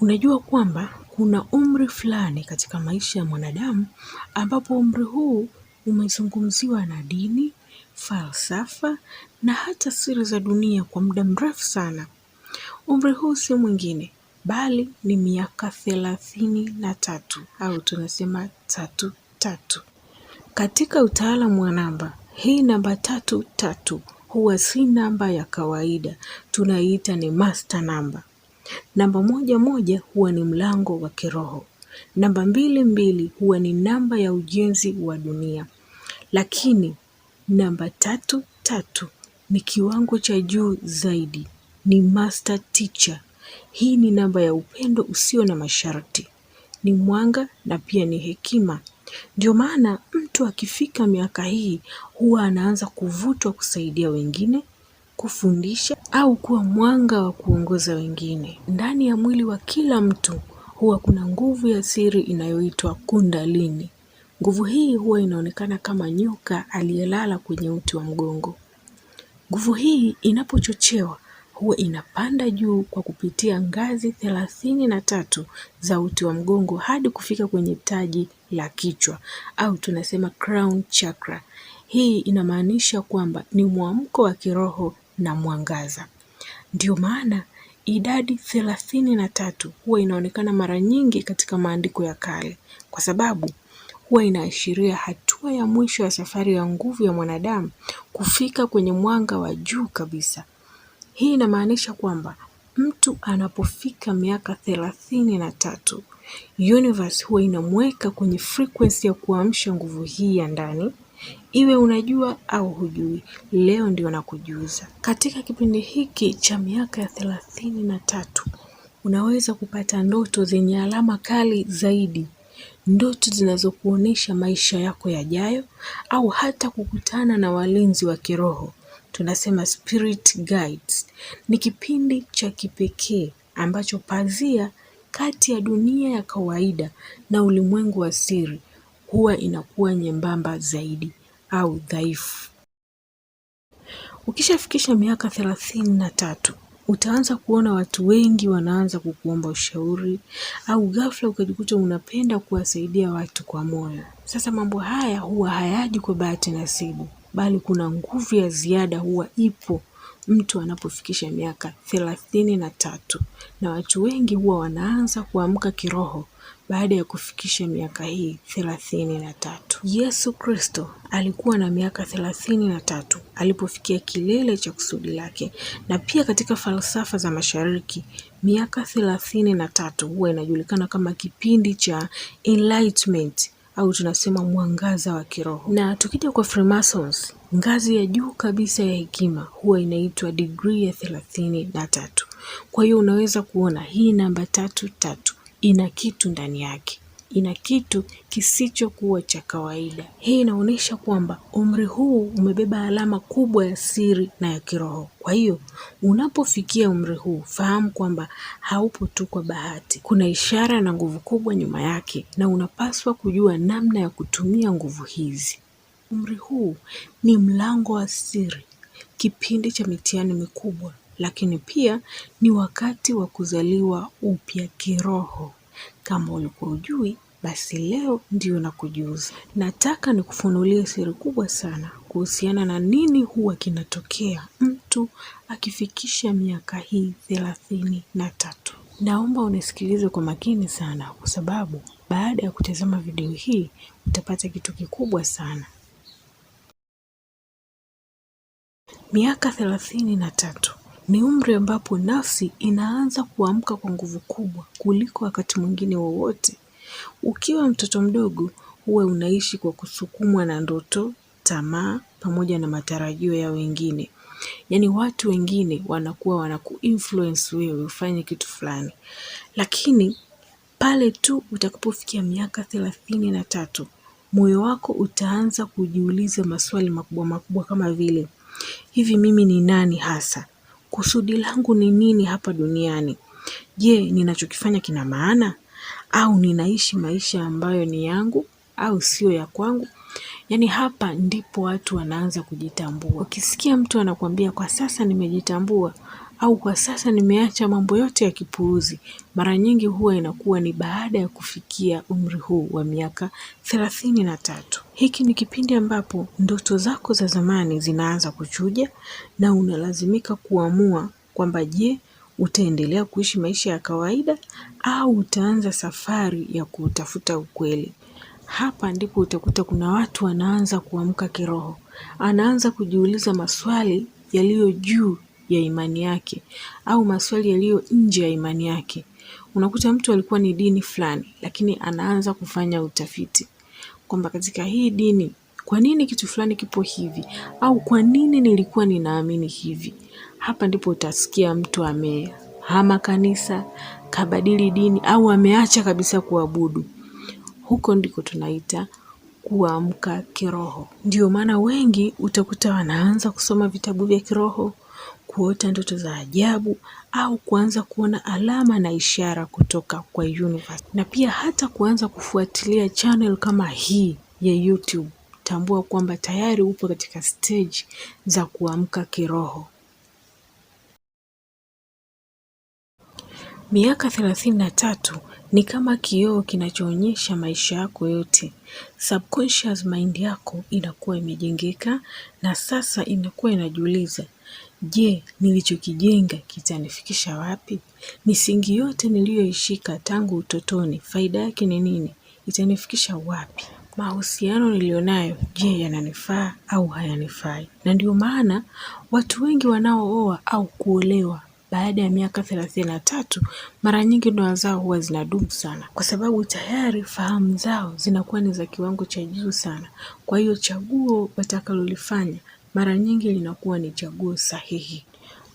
Unajua kwamba kuna umri fulani katika maisha ya mwanadamu ambapo umri huu umezungumziwa na dini, falsafa na hata siri za dunia kwa muda mrefu sana. Umri huu si mwingine bali ni miaka thelathini na tatu au tunasema tatu tatu. Katika utaalamu wa namba, hii namba tatu tatu huwa si namba ya kawaida, tunaiita ni master namba. Namba moja moja huwa ni mlango wa kiroho. Namba mbili mbili huwa ni namba ya ujenzi wa dunia, lakini namba tatu tatu ni kiwango cha juu zaidi, ni master teacher. Hii ni namba ya upendo usio na masharti, ni mwanga na pia ni hekima. Ndio maana mtu akifika miaka hii huwa anaanza kuvutwa kusaidia wengine kufundisha au kuwa mwanga wa kuongoza wengine. Ndani ya mwili wa kila mtu huwa kuna nguvu ya siri inayoitwa kundalini. Nguvu hii huwa inaonekana kama nyoka aliyelala kwenye uti wa mgongo. Nguvu hii inapochochewa huwa inapanda juu kwa kupitia ngazi thelathini na tatu za uti wa mgongo hadi kufika kwenye taji la kichwa au tunasema crown chakra. Hii inamaanisha kwamba ni mwamko wa kiroho na mwangaza. ndio maana idadi thelathini na tatu huwa inaonekana mara nyingi katika maandiko ya kale kwa sababu huwa inaashiria hatua ya mwisho ya safari ya nguvu ya mwanadamu kufika kwenye mwanga wa juu kabisa. Hii inamaanisha kwamba mtu anapofika miaka thelathini na tatu universe huwa inamweka kwenye frequency ya kuamsha nguvu hii ya ndani iwe unajua au hujui, leo ndio nakujuza. Katika kipindi hiki cha miaka ya thelathini na tatu unaweza kupata ndoto zenye alama kali zaidi, ndoto zinazokuonesha maisha yako yajayo, au hata kukutana na walinzi wa kiroho, tunasema spirit guides. Ni kipindi cha kipekee ambacho pazia kati ya dunia ya kawaida na ulimwengu wa siri huwa inakuwa nyembamba zaidi au dhaifu. Ukishafikisha miaka thelathini na tatu utaanza kuona watu wengi wanaanza kukuomba ushauri au ghafla ukajikuta unapenda kuwasaidia watu kwa moyo. Sasa mambo haya huwa hayaji kwa bahati nasibu, bali kuna nguvu ya ziada huwa ipo mtu anapofikisha miaka thelathini na tatu, na watu wengi huwa wanaanza kuamka kiroho baada ya kufikisha miaka hii thelathini na tatu. Yesu Kristo alikuwa na miaka thelathini na tatu alipofikia kilele cha kusudi lake, na pia katika falsafa za Mashariki miaka thelathini na tatu huwa inajulikana kama kipindi cha enlightenment au tunasema mwangaza wa kiroho. Na tukija kwa Freemasons, ngazi ya juu kabisa ya hekima huwa inaitwa degree ya thelathini na tatu. Kwa hiyo unaweza kuona hii namba tatu tatu ina kitu ndani yake, ina kitu kisichokuwa cha kawaida. Hii inaonyesha kwamba umri huu umebeba alama kubwa ya siri na ya kiroho. Kwa hiyo unapofikia umri huu, fahamu kwamba haupo tu kwa bahati. Kuna ishara na nguvu kubwa nyuma yake, na unapaswa kujua namna ya kutumia nguvu hizi. Umri huu ni mlango wa siri, kipindi cha mitihani mikubwa lakini pia ni wakati wa kuzaliwa upya kiroho. Kama ulikuwa ujui, basi leo ndio nakujuza. Nataka nikufunulie siri kubwa sana kuhusiana na nini huwa kinatokea mtu akifikisha miaka hii thelathini na tatu. Naomba unisikilize kwa makini sana, kwa sababu baada ya kutazama video hii utapata kitu kikubwa sana. Miaka thelathini na tatu ni umri ambapo nafsi inaanza kuamka kwa nguvu kubwa kuliko wakati mwingine wowote. Ukiwa mtoto mdogo, huwa unaishi kwa kusukumwa na ndoto, tamaa pamoja na matarajio ya wengine. Yaani watu wengine wanakuwa wanakuinfluence wewe ufanye kitu fulani. Lakini pale tu utakapofikia miaka thelathini na tatu, moyo wako utaanza kujiuliza maswali makubwa makubwa kama vile, hivi mimi ni nani hasa? kusudi langu ni nini hapa duniani? Je, ninachokifanya kina maana? Au ninaishi maisha ambayo ni yangu au sio ya kwangu? Yaani hapa ndipo watu wanaanza kujitambua. Ukisikia mtu anakuambia kwa sasa nimejitambua, au kwa sasa nimeacha mambo yote ya kipuuzi, mara nyingi huwa inakuwa ni baada ya kufikia umri huu wa miaka thelathini na tatu. Hiki ni kipindi ambapo ndoto zako za zamani zinaanza kuchuja na unalazimika kuamua kwamba je, utaendelea kuishi maisha ya kawaida au utaanza safari ya kutafuta ukweli. Hapa ndipo utakuta kuna watu wanaanza kuamka kiroho, anaanza kujiuliza maswali yaliyo juu ya imani yake au maswali yaliyo nje ya imani yake. Unakuta mtu alikuwa ni dini fulani, lakini anaanza kufanya utafiti kwamba katika hii dini, kwa nini kitu fulani kipo hivi, au kwa nini nilikuwa ninaamini hivi. Hapa ndipo utasikia mtu amehama kanisa, kabadili dini, au ameacha kabisa kuabudu. Huko ndiko tunaita kuamka kiroho. Ndio maana wengi utakuta wanaanza kusoma vitabu vya kiroho, kuota ndoto za ajabu au kuanza kuona alama na ishara kutoka kwa universe, na pia hata kuanza kufuatilia channel kama hii ya YouTube. Tambua kwamba tayari upo katika stage za kuamka kiroho. Miaka thelathini na tatu ni kama kioo kinachoonyesha maisha yako yote. Subconscious mind yako inakuwa imejengeka na sasa inakuwa inajiuliza, je, nilichokijenga kitanifikisha wapi? Misingi yote niliyoishika tangu utotoni, faida yake ni nini? Itanifikisha wapi? Mahusiano niliyonayo, je, yananifaa au hayanifai? Na ndio maana watu wengi wanaooa au kuolewa baada ya miaka thelathini na tatu mara nyingi ndoa zao huwa zinadumu sana, kwa sababu tayari fahamu zao zinakuwa ni za kiwango cha juu sana. Kwa hiyo chaguo watakalolifanya mara nyingi linakuwa ni chaguo sahihi.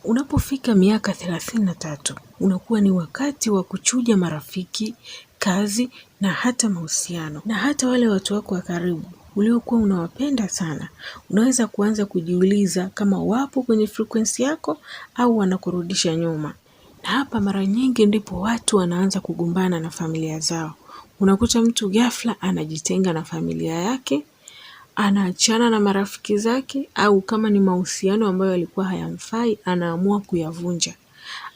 Unapofika miaka thelathini na tatu unakuwa ni wakati wa kuchuja marafiki, kazi na hata mahusiano na hata wale watu wako wa karibu uliokuwa unawapenda sana. Unaweza kuanza kujiuliza kama wapo kwenye frekwensi yako au wanakurudisha nyuma. Na hapa mara nyingi ndipo watu wanaanza kugombana na familia zao. Unakuta mtu ghafla anajitenga na familia yake, anaachana na marafiki zake au kama ni mahusiano ambayo yalikuwa hayamfai, anaamua kuyavunja.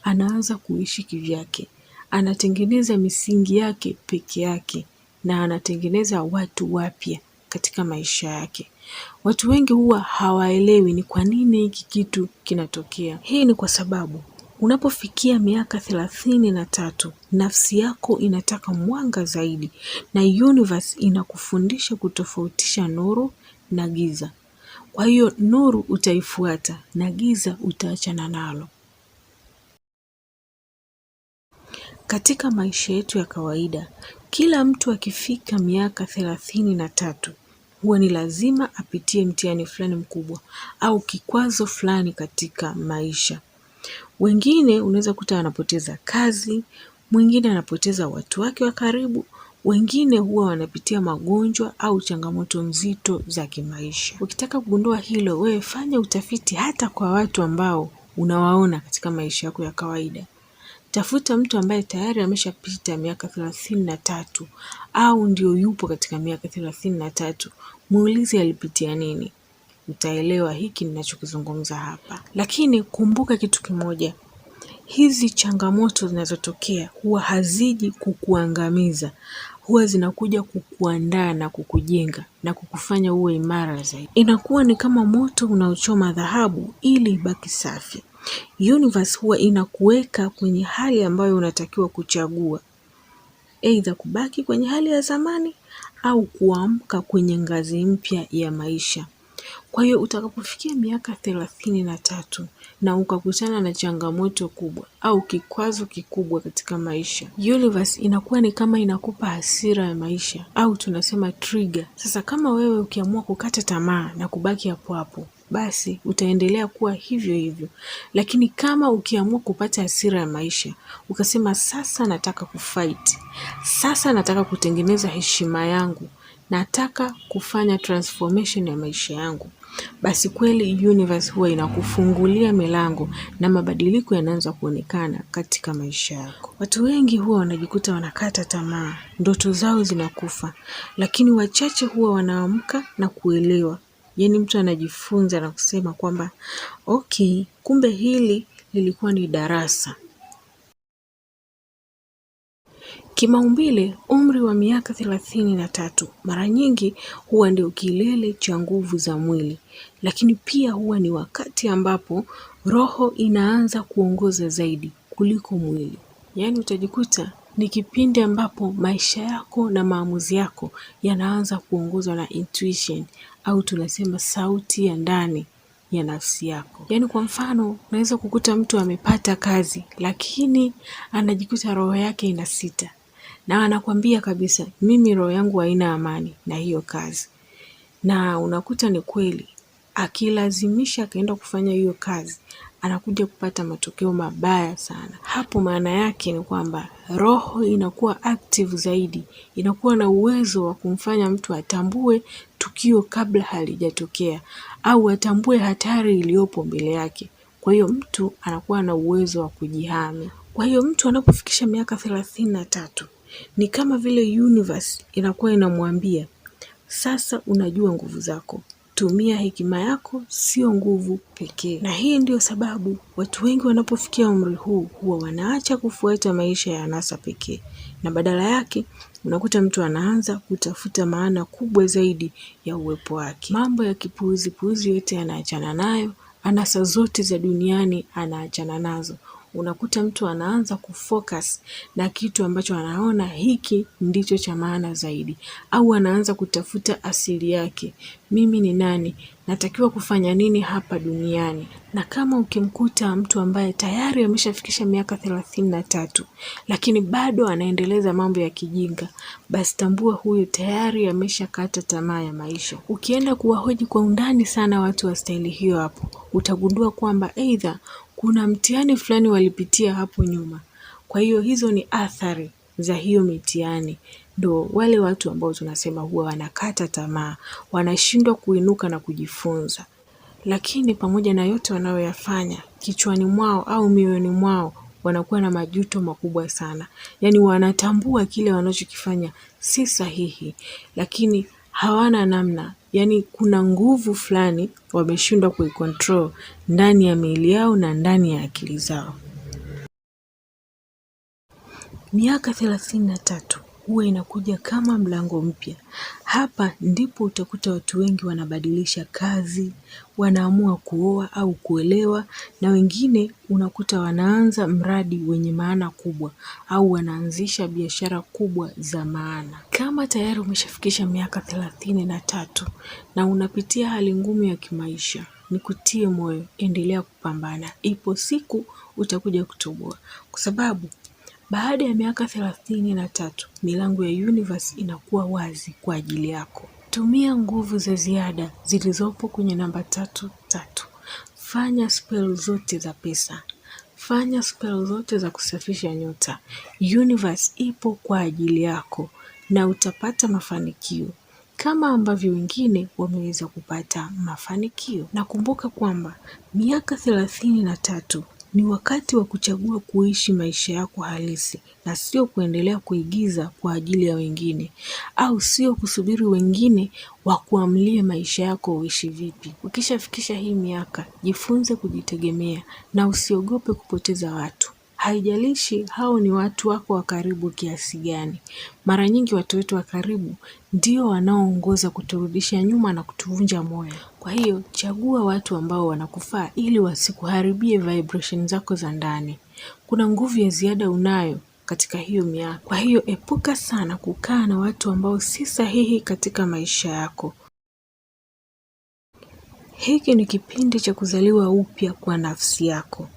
Anaanza kuishi kivyake. Anatengeneza misingi yake peke yake na anatengeneza watu wapya katika maisha yake. Watu wengi huwa hawaelewi ni kwa nini hiki kitu kinatokea. Hii ni kwa sababu unapofikia miaka thelathini na tatu nafsi yako inataka mwanga zaidi, na universe inakufundisha kutofautisha nuru na giza. Kwa hiyo nuru utaifuata na giza utaachana nalo. Katika maisha yetu ya kawaida, kila mtu akifika miaka thelathini na tatu huwa ni lazima apitie mtihani fulani mkubwa au kikwazo fulani katika maisha. Wengine unaweza kuta wanapoteza kazi, mwingine anapoteza watu wake wa karibu, wengine huwa wanapitia magonjwa au changamoto nzito za kimaisha. Ukitaka kugundua hilo, wewe fanya utafiti hata kwa watu ambao unawaona katika maisha yako ya kawaida. Tafuta mtu ambaye tayari ameshapita miaka thelathini na tatu au ndio yupo katika miaka thelathini na tatu muulize alipitia nini, utaelewa hiki ninachokizungumza hapa. Lakini kumbuka kitu kimoja, hizi changamoto zinazotokea huwa haziji kukuangamiza, huwa zinakuja kukuandaa na kukujenga na kukufanya uwe imara zaidi. Inakuwa ni kama moto unaochoma dhahabu ili ibaki safi. Universe huwa inakuweka kwenye hali ambayo unatakiwa kuchagua, aidha kubaki kwenye hali ya zamani au kuamka kwenye ngazi mpya ya maisha. Kwa hiyo utakapofikia miaka thelathini na tatu na ukakutana na changamoto kubwa au kikwazo kikubwa katika maisha, universe inakuwa ni kama inakupa hasira ya maisha au tunasema trigger. Sasa kama wewe ukiamua kukata tamaa na kubaki hapo hapo, basi utaendelea kuwa hivyo hivyo. Lakini kama ukiamua kupata hasira ya maisha, ukasema sasa nataka kufight, sasa nataka kutengeneza heshima yangu, nataka kufanya transformation ya maisha yangu, basi kweli universe huwa inakufungulia milango na mabadiliko yanaanza kuonekana katika maisha yako. Watu wengi huwa wanajikuta wanakata tamaa, ndoto zao zinakufa, lakini wachache huwa wanaamka na kuelewa yani mtu anajifunza na kusema kwamba okay, kumbe hili lilikuwa ni darasa. Kimaumbile, umri wa miaka thelathini na tatu mara nyingi huwa ndio kilele cha nguvu za mwili, lakini pia huwa ni wakati ambapo roho inaanza kuongoza zaidi kuliko mwili. Yaani utajikuta ni kipindi ambapo maisha yako na maamuzi yako yanaanza kuongozwa na intuition au tunasema sauti ya ndani ya nafsi yako. Yaani kwa mfano, unaweza kukuta mtu amepata kazi, lakini anajikuta roho yake ina sita na anakwambia kabisa, mimi roho yangu haina amani na hiyo kazi, na unakuta ni kweli, akilazimisha akaenda kufanya hiyo kazi anakuja kupata matokeo mabaya sana. Hapo maana yake ni kwamba roho inakuwa active zaidi, inakuwa na uwezo wa kumfanya mtu atambue tukio kabla halijatokea au atambue hatari iliyopo mbele yake. Kwa hiyo mtu anakuwa na uwezo wa kujihami. Kwa hiyo mtu anapofikisha miaka thelathini na tatu ni kama vile universe inakuwa inamwambia sasa, unajua nguvu zako, tumia hekima yako, sio nguvu pekee. Na hii ndiyo sababu watu wengi wanapofikia umri huu huwa wanaacha kufuata maisha ya anasa pekee, na badala yake unakuta mtu anaanza kutafuta maana kubwa zaidi ya uwepo wake. Mambo ya kipuuzi puuzi yote anaachana nayo, anasa zote za duniani anaachana nazo unakuta mtu anaanza kufocus na kitu ambacho anaona hiki ndicho cha maana zaidi, au anaanza kutafuta asili yake. Mimi ni nani? Natakiwa kufanya nini hapa duniani? Na kama ukimkuta mtu ambaye tayari ameshafikisha miaka thelathini na tatu lakini bado anaendeleza mambo ya kijinga, basi tambua huyu tayari ameshakata tamaa ya maisha. Ukienda kuwahoji kwa undani sana watu wa staili hiyo, hapo utagundua kwamba aidha kuna mtihani fulani walipitia hapo nyuma. Kwa hiyo hizo ni athari za hiyo mitihani. Ndo wale watu ambao tunasema huwa wanakata tamaa, wanashindwa kuinuka na kujifunza. Lakini pamoja na yote wanayoyafanya, kichwani mwao au mioyoni mwao wanakuwa na majuto makubwa sana. Yaani wanatambua kile wanachokifanya si sahihi, lakini hawana namna, yani kuna nguvu fulani wameshindwa kuikontrol ndani ya miili yao na ndani ya akili zao. Miaka thelathini na tatu huwa inakuja kama mlango mpya. Hapa ndipo utakuta watu wengi wanabadilisha kazi, wanaamua kuoa au kuolewa, na wengine unakuta wanaanza mradi wenye maana kubwa au wanaanzisha biashara kubwa za maana. Kama tayari umeshafikisha miaka thelathini na tatu na unapitia hali ngumu ya kimaisha, nikutie moyo, endelea kupambana, ipo siku utakuja kutoboa, kwa sababu baada ya miaka thelathini na tatu milango ya Universe inakuwa wazi kwa ajili yako. Tumia nguvu za ziada zilizopo kwenye namba tatu tatu. Fanya spell zote za pesa, fanya spell zote za kusafisha nyota. Universe ipo kwa ajili yako na utapata mafanikio kama ambavyo wengine wameweza kupata mafanikio. Nakumbuka kwamba miaka thelathini na tatu ni wakati wa kuchagua kuishi maisha yako halisi na sio kuendelea kuigiza kwa ajili ya wengine, au sio kusubiri wengine wakuamlie maisha yako uishi vipi. Ukishafikisha hii miaka, jifunze kujitegemea na usiogope kupoteza watu. Haijalishi hao ni watu wako wa karibu kiasi gani. Mara nyingi watu wetu wa karibu ndio wanaoongoza kuturudisha nyuma na kutuvunja moyo. Kwa hiyo chagua watu ambao wanakufaa ili wasikuharibie vibration zako za ndani. Kuna nguvu ya ziada unayo katika hiyo miaka. Kwa hiyo epuka sana kukaa na watu ambao si sahihi katika maisha yako. Hiki ni kipindi cha kuzaliwa upya kwa nafsi yako.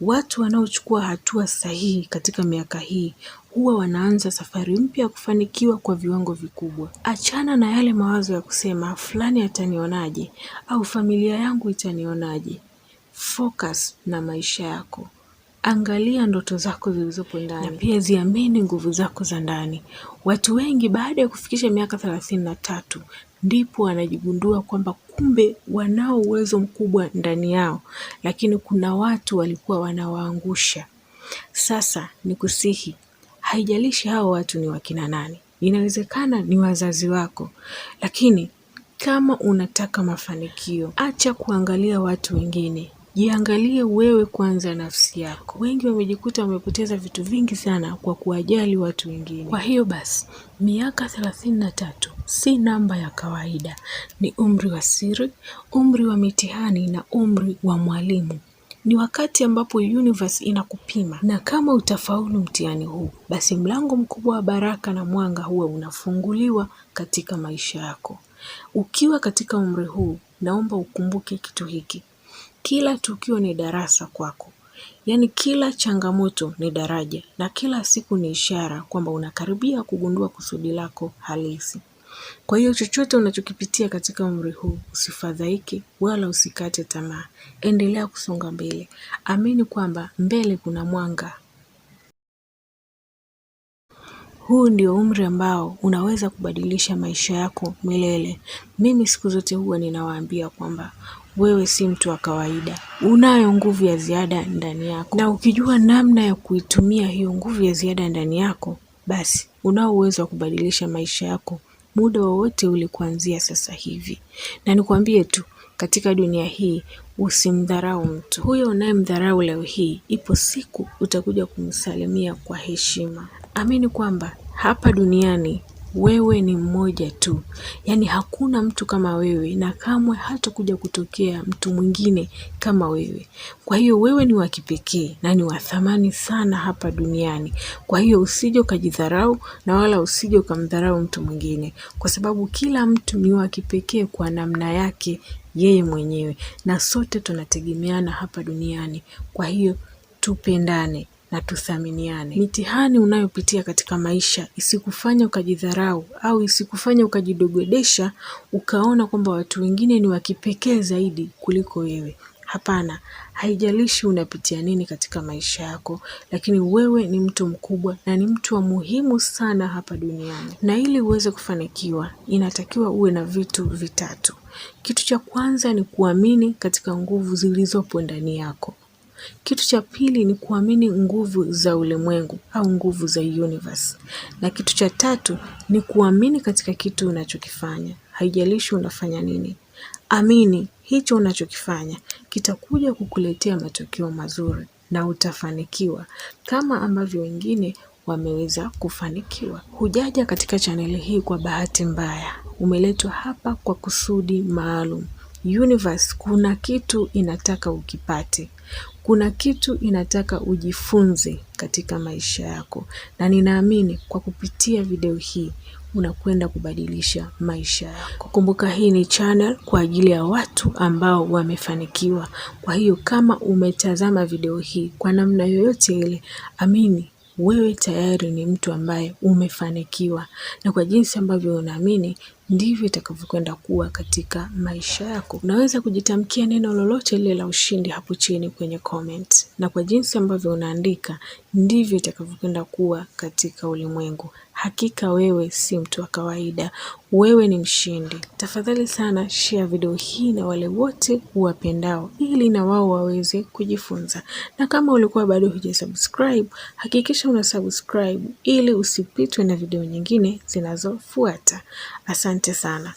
Watu wanaochukua hatua sahihi katika miaka hii huwa wanaanza safari mpya ya kufanikiwa kwa viwango vikubwa. Achana na yale mawazo ya kusema fulani atanionaje au familia yangu itanionaje. Focus na maisha yako. Angalia ndoto zako zilizopo ndani na pia ziamini nguvu zako za ndani. Watu wengi baada ya kufikisha miaka thelathini na tatu ndipo wanajigundua kwamba kumbe wanao uwezo mkubwa ndani yao, lakini kuna watu walikuwa wanawaangusha. Sasa ni kusihi haijalishi hao watu ni wakina nani, inawezekana ni wazazi wako, lakini kama unataka mafanikio, acha kuangalia watu wengine, jiangalie wewe kwanza, nafsi yako. Wengi wamejikuta wamepoteza vitu vingi sana kwa kuwajali watu wengine. Kwa hiyo basi, miaka thelathini na tatu si namba ya kawaida, ni umri wa siri, umri wa mitihani na umri wa mwalimu. Ni wakati ambapo universe inakupima, na kama utafaulu mtihani huu, basi mlango mkubwa wa baraka na mwanga huwa unafunguliwa katika maisha yako. Ukiwa katika umri huu, naomba ukumbuke kitu hiki: kila tukio ni darasa kwako. Yaani, kila changamoto ni daraja na kila siku ni ishara kwamba unakaribia kugundua kusudi lako halisi. Kwa hiyo chochote unachokipitia katika umri huu, usifadhaike wala usikate tamaa. Endelea kusonga mbele, amini kwamba mbele kuna mwanga. Huu ndio umri ambao unaweza kubadilisha maisha yako milele. Mimi siku zote huwa ninawaambia kwamba wewe si mtu wa kawaida, unayo nguvu ya ziada ndani yako, na ukijua namna ya kuitumia hiyo nguvu ya ziada ndani yako, basi unao uwezo wa kubadilisha maisha yako muda wowote ule kuanzia sasa hivi. Na nikwambie tu katika dunia hii usimdharau mtu. Huyo unayemdharau leo hii, ipo siku utakuja kumsalimia kwa heshima. Amini kwamba hapa duniani wewe ni mmoja tu, yaani hakuna mtu kama wewe na kamwe hatakuja kutokea mtu mwingine kama wewe. Kwa hiyo wewe ni wa kipekee na ni wa thamani sana hapa duniani. Kwa hiyo usije ukajidharau na wala usije ukamdharau mtu mwingine, kwa sababu kila mtu ni wa kipekee kwa namna yake yeye mwenyewe, na sote tunategemeana hapa duniani. Kwa hiyo tupendane na tuthaminiane. Mitihani unayopitia katika maisha isikufanya ukajidharau au isikufanya ukajidogodesha ukaona kwamba watu wengine ni wa kipekee zaidi kuliko wewe. Hapana, haijalishi unapitia nini katika maisha yako, lakini wewe ni mtu mkubwa na ni mtu wa muhimu sana hapa duniani. Na ili uweze kufanikiwa, inatakiwa uwe na vitu vitatu. Kitu cha kwanza ni kuamini katika nguvu zilizopo ndani yako. Kitu cha pili ni kuamini nguvu za ulimwengu au nguvu za universe, na kitu cha tatu ni kuamini katika kitu unachokifanya. Haijalishi unafanya nini, amini hicho unachokifanya kitakuja kukuletea matokeo mazuri na utafanikiwa kama ambavyo wengine wameweza kufanikiwa. Hujaja katika chaneli hii kwa bahati mbaya, umeletwa hapa kwa kusudi maalum. Universe kuna kitu inataka ukipate kuna kitu inataka ujifunze katika maisha yako, na ninaamini kwa kupitia video hii unakwenda kubadilisha maisha yako. Kumbuka hii ni channel kwa ajili ya watu ambao wamefanikiwa. Kwa hiyo kama umetazama video hii kwa namna yoyote ile, amini wewe tayari ni mtu ambaye umefanikiwa, na kwa jinsi ambavyo unaamini ndivyo itakavyokwenda kuwa katika maisha yako. Unaweza kujitamkia neno lolote lile la ushindi hapo chini kwenye comment, na kwa jinsi ambavyo unaandika ndivyo itakavyokwenda kuwa katika ulimwengu. Hakika wewe si mtu wa kawaida, wewe ni mshindi. Tafadhali sana share video hii na wale wote huwapendao, ili na wao waweze kujifunza. Na kama ulikuwa bado hujasubscribe, hakikisha una subscribe ili usipitwe na video nyingine zinazofuata. Asante sana.